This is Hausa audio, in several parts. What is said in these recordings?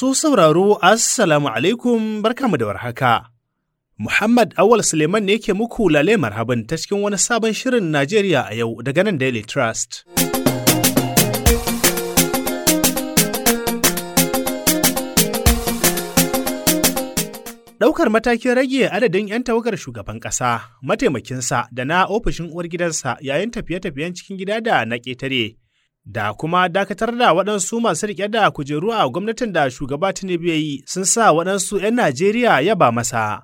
Masu sauraro, Assalamu alaikum barkamu da warhaka. Muhammad Awal Suleiman ne ke muku lale marhaban ta cikin wani sabon shirin Najeriya a yau daga nan Daily Trust. Ɗaukar matakin rage adadin 'yan tawagar shugaban ƙasa, mataimakinsa da na ofishin uwar gidansa yayin tafiye-tafiyen cikin gida da na ƙetare da kuma dakatar da waɗansu masu riƙe da kujeru a gwamnatin da shugaba Tinubu ya yi sun sa waɗansu 'yan Najeriya ya ba masa,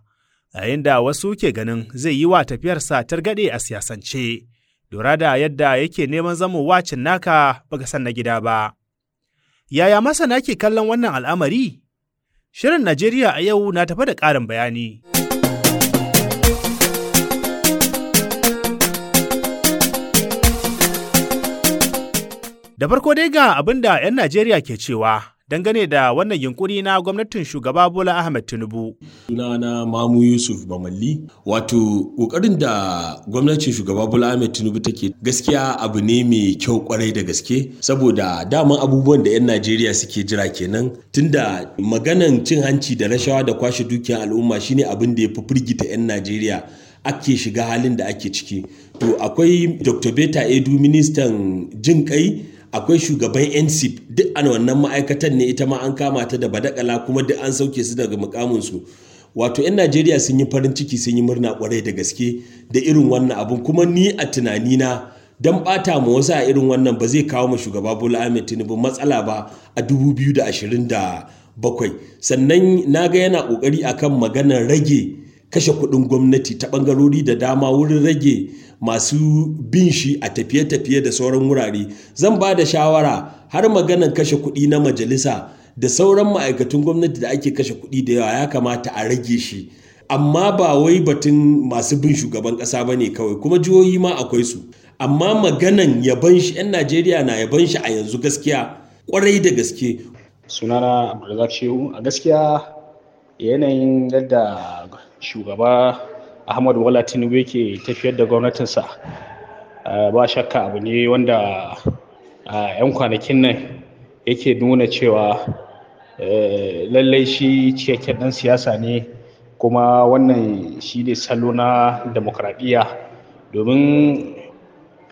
yayin da wasu ke ganin zai yi wa tafiyarsa targaɗe a siyasance, lura da yadda yake neman zamowa cin naka baka san na gida ba. Yaya masana ke kallon wannan al'amari? Shirin Najeriya a yau na tafa da ƙarin bayani. Da farko dai ga abin da 'yan Najeriya ke cewa dangane da wannan yunkuri na gwamnatin shugaba Bola Ahmed Tinubu. Sunana Mamu Yusuf bamalli wato ƙoƙarin da gwamnatin shugaba Bola Ahmed Tinubu take gaskiya abu ne mai kyau kwarai da gaske saboda daman abubuwan da 'yan Najeriya suke jira kenan tunda maganan cin hanci da rashawa da kwashe dukiyar al'umma shine abin da ya fi firgita 'yan Najeriya ake shiga halin da ake ciki. To akwai Dr. Beta Edu ministan jin kai akwai shugaban ncp duk an wannan ma'aikatan ne ita ma an kama ta da badakala kuma duk an sauke su daga mukaminsu wato 'yan najeriya sun yi farin ciki sun yi murna kwarai da gaske da irin wannan abun kuma ni a tunanina don bata ma wasu a irin wannan ba zai kawo ma shugaba bola ahmed tinubu matsala ba a 2027 sannan na ga yana kokari akan maganar rage kashe kuɗin gwamnati ta bangarori da dama wurin rage masu bin shi a tafiye-tafiye da sauran wurare zan ba da shawara har maganan kashe kuɗi na majalisa da sauran ma'aikatan gwamnati da ake kashe kuɗi da yawa ya kamata a rage shi amma ba wai batun masu bin shugaban ƙasa ba ne kawai kuma jihohi ma akwai su amma maganan yaban shi 'yan najeriya na yaban shi a yanzu gaskiya kwarai da gaske sunana a gaskiya yanayin yadda shugaba ahmad bola tinubu yake tafiyar da gwamnatinsa ba shakka abu ne wanda yan kwanakin nan yake nuna cewa e, lallai shi cikakken ɗan siyasa ne kuma wannan shi ne salo na demokradiyya domin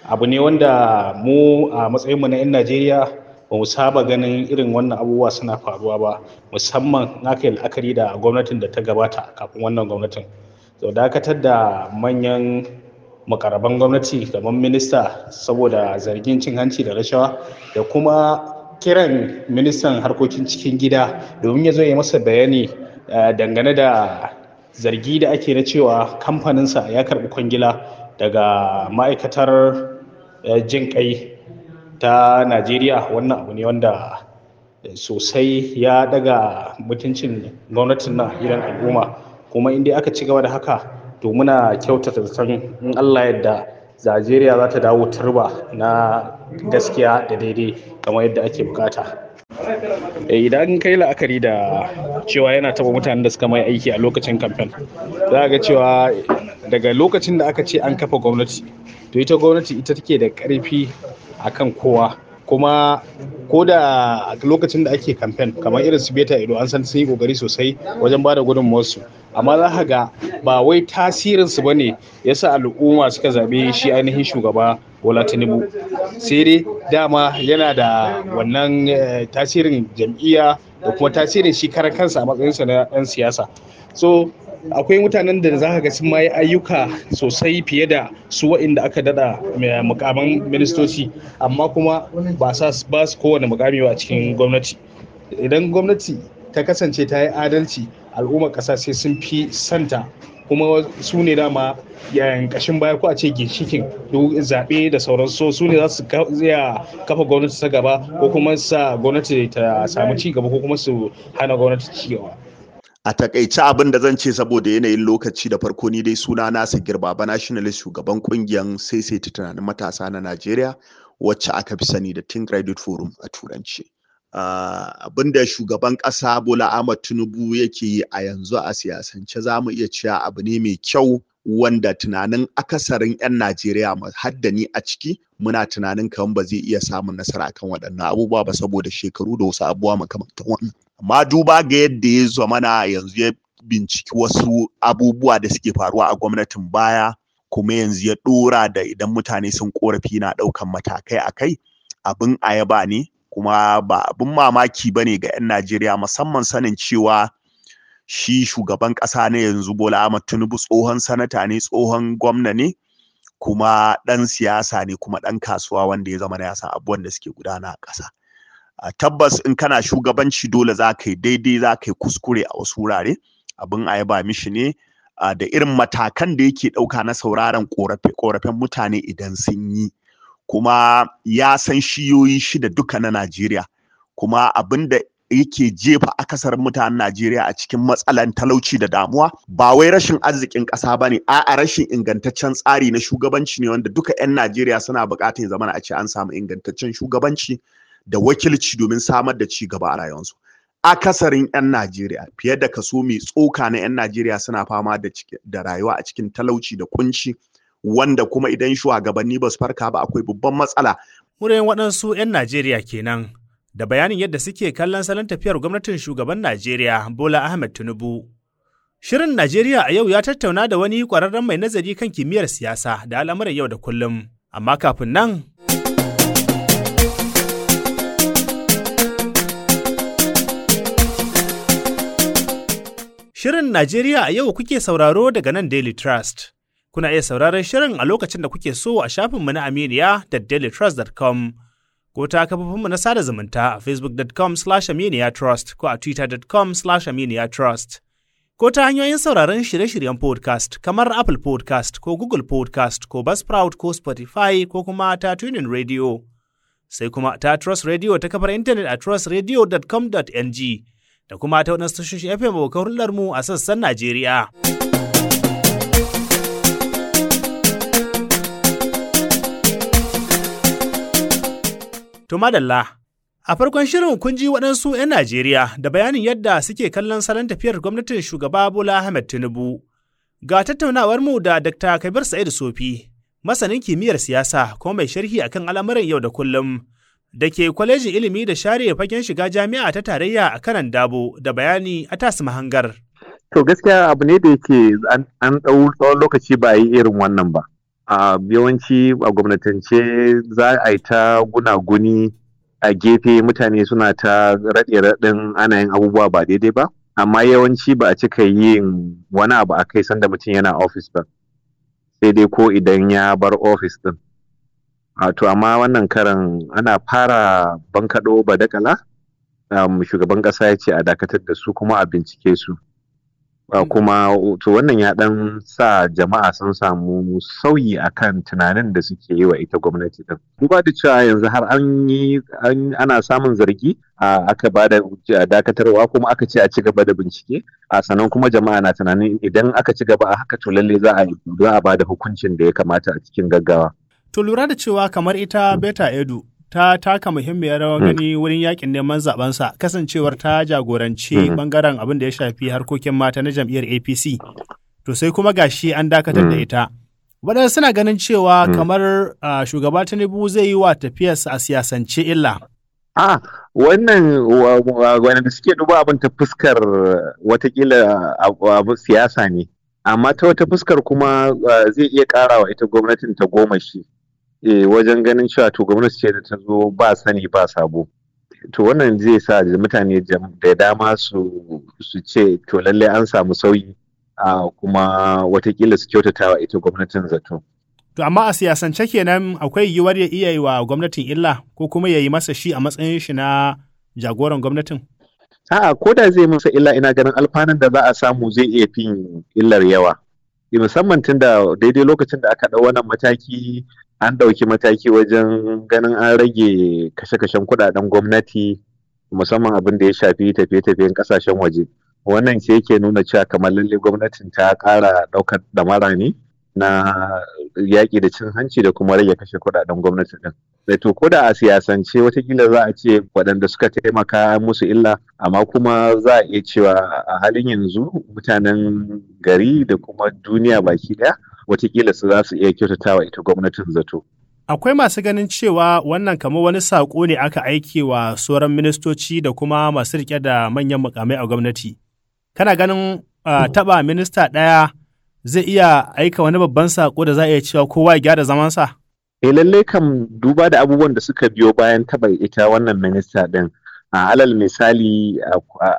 abu ne wanda mu a matsayinmu na 'yan najeriya ba mu saba ganin irin wannan abubuwa suna faruwa ba musamman na kai la'akari da gwamnatin da ta gabata kafin wannan gwamnatin to dakatar da manyan makaraban gwamnati kamar minista saboda zargin cin hanci da rashawa da kuma kiran ministan harkokin cikin gida domin ya zo ya masa bayani eh, dangane da zargi da ake na cewa kamfaninsa ya karbi kwangila daga ma'aikatar eh, jin kai ta najeriya wannan abu ne wanda sosai ya daga mutuncin gwamnatin na gidan al'umma kuma in dai aka ci gaba da haka to muna kyautata san in Allah yadda Najeriya za ta dawo turba na gaskiya da daidai kamar yadda ake bukata. Eh, idan kai la'akari da cewa yana taba mutanen da suka mai aiki a lokacin kamfen za ga cewa daga lokacin da aka ce an kafa gwamnati to ita gwamnati ita take da karfi akan kowa kuma ko da lokacin da ake kamfen kamar irin su beta ido an san sun yi kokari sosai wajen ba da su. amma za ka ga ba wai tasirinsu ba ne ya sa al'umma suka zaɓe shi ainihin shugaba bola tinubu sai dai dama yana da wannan eh, tasirin jam'iyya da kuma tasirin shi karan kansa a matsayinsa na ɗan siyasa so akwai mutanen da za ka ga sun yi ayyuka sosai fiye da su waɗanda aka dada eh, mukamin ministoci amma kuma ba su kowane mukami ba a cikin gwamnati idan gwamnati ta kasance ta yi adalci al'ummar ƙasa sai sun fi santa kuma su ne dama yayin kashin baya ko a ce ginshikin zaɓe da sauran so su ne za su kafa gwamnati ta gaba ko kuma sa gwamnati ta samu ci gaba ko kuma su hana gwamnati ci gaba a takaice abin da zan ce saboda yanayin lokaci da farko ni dai suna nasa girba ba nationalist shugaban kungiyar saisaita tunanin matasa na najeriya wacce aka fi sani da think credit forum a turanci Ah, abinda shugaban ƙasa Bola Ahmad Tinubu yake yi a yanzu a siyasance za mu iya cewa abu ne mai kyau wanda tunanin akasarin 'yan Najeriya haddani a ciki muna tunanin kan ba zai iya samun nasara kan waɗannan abubuwa ba saboda shekaru da wasu abubuwa makamantan wannan. Amma duba ga yadda ya zamana yanzu ya binciki wasu abubuwa da suke faruwa a gwamnatin baya kuma yanzu ya ɗora da idan mutane sun ƙorafi na ɗaukan matakai akai, kai abin ayaba ne kuma ba abin mamaki ba ne ga 'yan najeriya musamman sanin cewa shi shugaban ƙasa ne yanzu bola ahmad tinubu tsohon sanata ne tsohon gwamna ne kuma ɗan siyasa ne kuma ɗan kasuwa wanda ya zama na yasa, abubuwan da suke gudana a ƙasa a tabbas in kana shugabanci dole za ka yi daidai za ka yi kuskure a wasu wurare abin a yaba mishi ne da irin matakan da yake ɗauka na sauraron ƙorafe-ƙorafen mutane idan sun yi kuma ya san shiyoyi shida duka na Najeriya kuma abinda yake jefa akasarin mutanen Najeriya a cikin matsalan talauci da damuwa ba wai rashin arzikin ƙasa ba ne a rashin ingantaccen tsari na shugabanci ne wanda duka 'yan Najeriya suna buƙatar ya zama a ce an samu ingantaccen shugabanci da wakilci domin samar da ci gaba a rayuwarsu akasarin 'yan Najeriya fiye da kaso mai tsoka na 'yan Najeriya suna fama da rayuwa a cikin talauci da kunci wanda kuma idan shugabanni ba su farka ba akwai babban matsala. Murayen waɗansu 'yan Najeriya kenan da bayanin yadda suke kallon salon tafiyar gwamnatin shugaban Najeriya Bola Ahmed Tinubu. Shirin Najeriya a yau ya tattauna da wani ƙwararren mai nazari kan kimiyyar siyasa da al'amuran yau da kullum. Amma kafin nan Shirin Najeriya a yau kuke sauraro daga nan Daily Trust. Kuna iya sauraron shirin a lokacin da kuke so a shafinmu na Aminiya da dailytrust.com ko ta kafofinmu na sada zumunta a facebook.com aminiyatrust ko a twitter.com aminiyatrust ko ta hanyoyin sauraron shirye-shiryen podcast kamar Apple podcast ko Google podcast ko Buzzsprout ko Spotify ko kuma ta tunin radio. Sai kuma ta Trust Radio ta kafar intanet a trustradio.com.ng da kuma ta waɗansu tashoshin FM abokan a sassan Najeriya. To madalla, a farkon shirin kun ji waɗansu 'yan Najeriya da bayanin yadda suke kallon salon tafiyar gwamnatin shugaba Bola Ahmed Tinubu. Ga tattaunawar mu da Dr. Kabir Sa'id Sofi, masanin kimiyyar siyasa kuma mai sharhi akan al'amuran yau da kullum. da ke kwalejin ilimi da share fagen shiga jami'a ta tarayya a kanan dabo da bayani a tasu mahangar. To gaskiya abu ne da yake an ɗau tsawon lokaci ba yi irin wannan ba. a yawanci a gwamnatance za a yi ta gunaguni a gefe mutane suna ta raɗe raɗin ana yin abubuwa ba daidai ba amma yawanci ba a cika yin wani abu a kai sanda mutum yana ofis ba sai dai ko idan ya bar ofis din to amma wannan karan ana fara bankaɗo da kala shugaban ƙasa ya ce a dakatar da su kuma a bincike su Uh, kuma to wannan ya dan sa jama'a sun samu sauyi a kan tunanin da suke yi wa ita gwamnati din duba da cewa yanzu har an yi ana samun zargi uh, aka ba da dakatarwa kuma aka ce a ci gaba da bincike a uh, sannan kuma jama'a na tunanin idan aka ci gaba a haka to lalle za a za a ba da hukuncin da ya kamata a cikin gaggawa to lura da cewa kamar ita mm. beta edu ta taka muhimmiyar rawar hmm. gani wurin yakin neman sa kasancewar ta jagoranci hmm. bangaren abin da ya shafi harkokin mata na jam'iyyar APC. To sai kuma gashi an dakatar da hmm. ita. Waɗansu suna ganin cewa kamar shugaba Tinubu zai yi wa tafiyarsa a siyasance illa. A wannan da suke duba abin ta fuskar watakila abu siyasa ne, amma ta wata fuskar kuma zai iya ƙarawa ita gwamnatin ta goma shi. eh wajen ganin cewa to gwamnati ce da ta zo ba sani ba sabo to wannan zai sa mutane da dama su su ce to lallai an samu sauyi a kuma watakila su kyautatawa ita gwamnatin zato To amma a siyasance kenan akwai yiwuwar ya iya yi wa gwamnatin illa ko kuma ya yi masa shi a matsayin shi na jagoran gwamnatin? A'a ko da zai masa illa ina ganin alfanun da za a samu zai iya fin illar yawa. musamman tun da daidai lokacin da aka ɗau wannan mataki an ɗauki mataki wajen ganin an rage kashe-kashen kuɗaɗen gwamnati musamman abin da ya shafi tafiye-tafiyen ƙasashen waje wannan ce yake nuna cewa kamar lalle gwamnatin ta ƙara ɗaukar damara ne na yaƙi da cin hanci da kuma rage kashe kuɗaɗen gwamnati ɗin. da eh, to da a siyasance watakila za a ce waɗanda suka taimaka musu illa amma kuma za a iya cewa a halin yanzu mutanen gari da kuma duniya baki ɗaya watakila su za su iya kyautatawa ita gwamnatin zato. Akwai masu ganin cewa wannan kamar wani saƙo ne aka aike wa sauran ministoci da kuma masu rike da manyan mukamai a gwamnati. Kana ganin uh, taɓa minista ɗaya zai iya aika wani babban saƙo da za a iya cewa kowa ya gyara zamansa? eh lallai kam duba da abubuwan da suka biyo bayan taɓa ita wannan minista ɗin a alal misali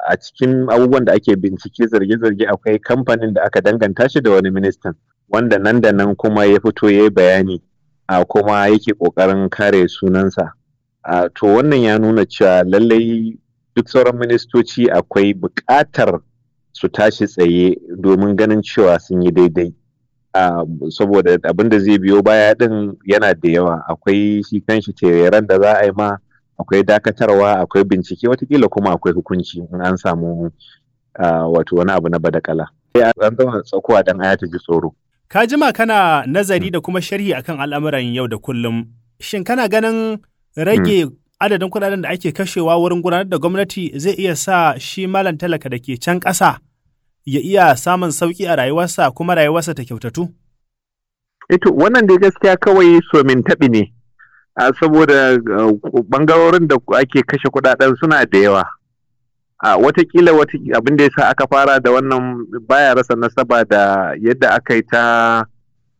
a cikin abubuwan da ake bincike zarge-zarge akwai kamfanin da aka danganta shi da wani ministan wanda nan da nan kuma ya fito ya yi bayani a kuma yake ƙoƙarin kare sunansa to wannan ya nuna cewa lallai duk sauran ministoci akwai bukatar su tashi tsaye domin ganin cewa sun yi daidai saboda abin da zai biyo baya din yana da yawa akwai shi kanshi tereren da za a yi ma akwai dakatarwa akwai bincike watakila kuma akwai hukunci in an samu wato wani abu na badakala sai an zama tsakuwa dan aya ta ji tsoro ka jima kana nazari da kuma sharhi akan al'amuran yau da kullum shin kana ganin rage hmm. adadin kuɗaɗen da ake kashewa wurin gudanar da gwamnati zai iya sa shi malam talaka da ke can ƙasa ya iya samun sauƙi a rayuwarsa kuma rayuwarsa ta kyautatu? Ito, eh wannan dai gaskiya kawai min taɓi ne, saboda uh, ɓangarorin da ake kashe kuɗaɗen suna da yawa. a watakila abin da ya sa aka fara da wannan baya rasa nasaba da yadda aka yi ta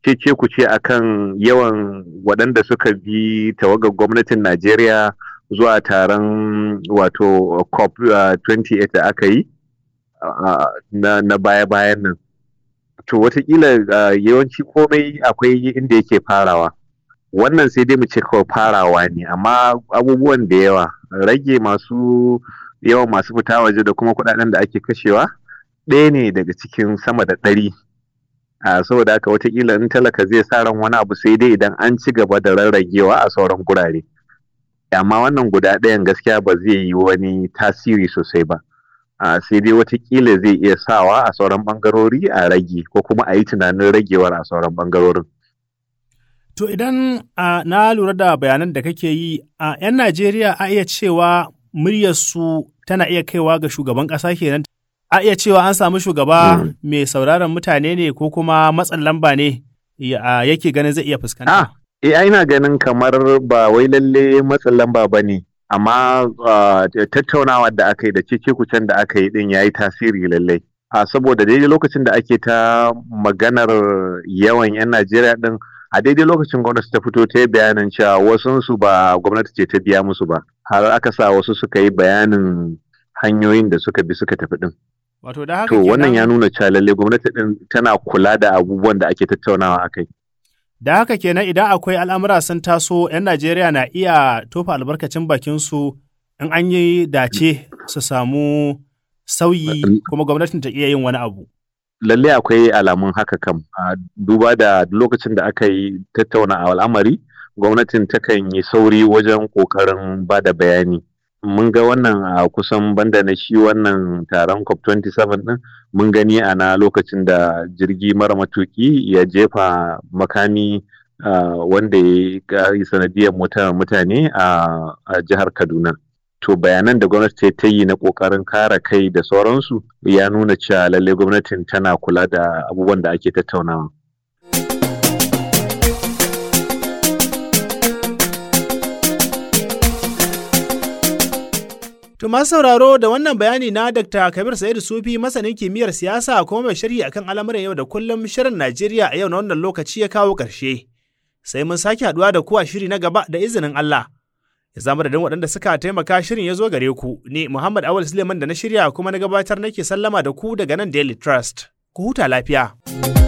cece ce a kan yawan waɗanda suka bi tawagar gwamnatin najeriya zuwa taron wato cop 28 uh, da aka yi na baya-bayan nan to watakila yawanci komai akwai inda yake farawa wannan sai dai mu ce kawai farawa ne amma abubuwan da yawa rage masu yawan masu fita waje da kuma kudaden da ake kashewa ɗaya ne daga cikin sama da ɗari a saboda haka watakila in talaka zai sa ran wani abu sai dai idan an ci gaba da rarragewa a sauran gurare amma wannan guda ɗayan gaskiya ba zai yi wani tasiri sosai ba a sai dai watakila zai iya sawa a sauran bangarori a rage ko kuma a yi tunanin ragewar a sauran bangarorin. To idan na lura da bayanan da kake yi a 'yan Najeriya a iya cewa muryarsu tana iya kaiwa ga shugaban ƙasa kenan a iya cewa an samu shugaba hmm. mai sauraron mutane ne ko kuma matsin lamba ne yake ganin zai iya fuskanta. Ah, eh ina ganin kamar ba wai lalle matsin lamba ba ne amma ah, tattaunawa da aka yi da cece-kucen da aka yi din ya yi tasiri lallai a ah, saboda daidai lokacin da ake ta maganar yawan 'yan najeriya din a daidai lokacin gwamnati ta fito ta yi bayanin cewa wasu ba gwamnati ce ta biya musu ba har aka sa wasu suka yi bayanin hanyoyin da suka bi suka tafi din to wannan ya nuna cewa lallai, gwamnati din tana kula da abubuwan da ake tattaunawa akai Da haka kenan idan akwai al'amura sun taso, ‘yan Najeriya na iya tofa albarkacin bakinsu in an yi dace su samu sauyi kuma gwamnatin ta iya yin wani abu. Lalle akwai alamun haka kam, duba da lokacin da aka yi tattauna al'amari, gwamnatin takan yi sauri wajen ƙoƙarin ba da bayani. mun ga wannan a kusan banda na shi wannan taron cop 27 din mun gani a na lokacin da jirgi mara matuki ya jefa makami wanda ya yi sanadiyar mutane a jihar kaduna to bayanan da gwamnati ta yi na kokarin kara kai da sauransu ya nuna cewa lalle gwamnatin tana kula da abubuwan da ake tattaunawa To masu sauraro da wannan bayani na Dr. Kabir Sa'idu Sufi masanin kimiyyar siyasa kuma mai sharhi akan al'amuran yau da kullum shirin Najeriya a yau na wannan lokaci ya kawo ƙarshe. Sai mun sake haɗuwa da kuwa shiri na gaba da izinin Allah. Ya zama da waɗanda suka taimaka shirin ya zo gare ku ne Muhammad Awal Suleiman da na shirya kuma na gabatar nake sallama da ku daga nan Daily Trust. Ku huta lafiya.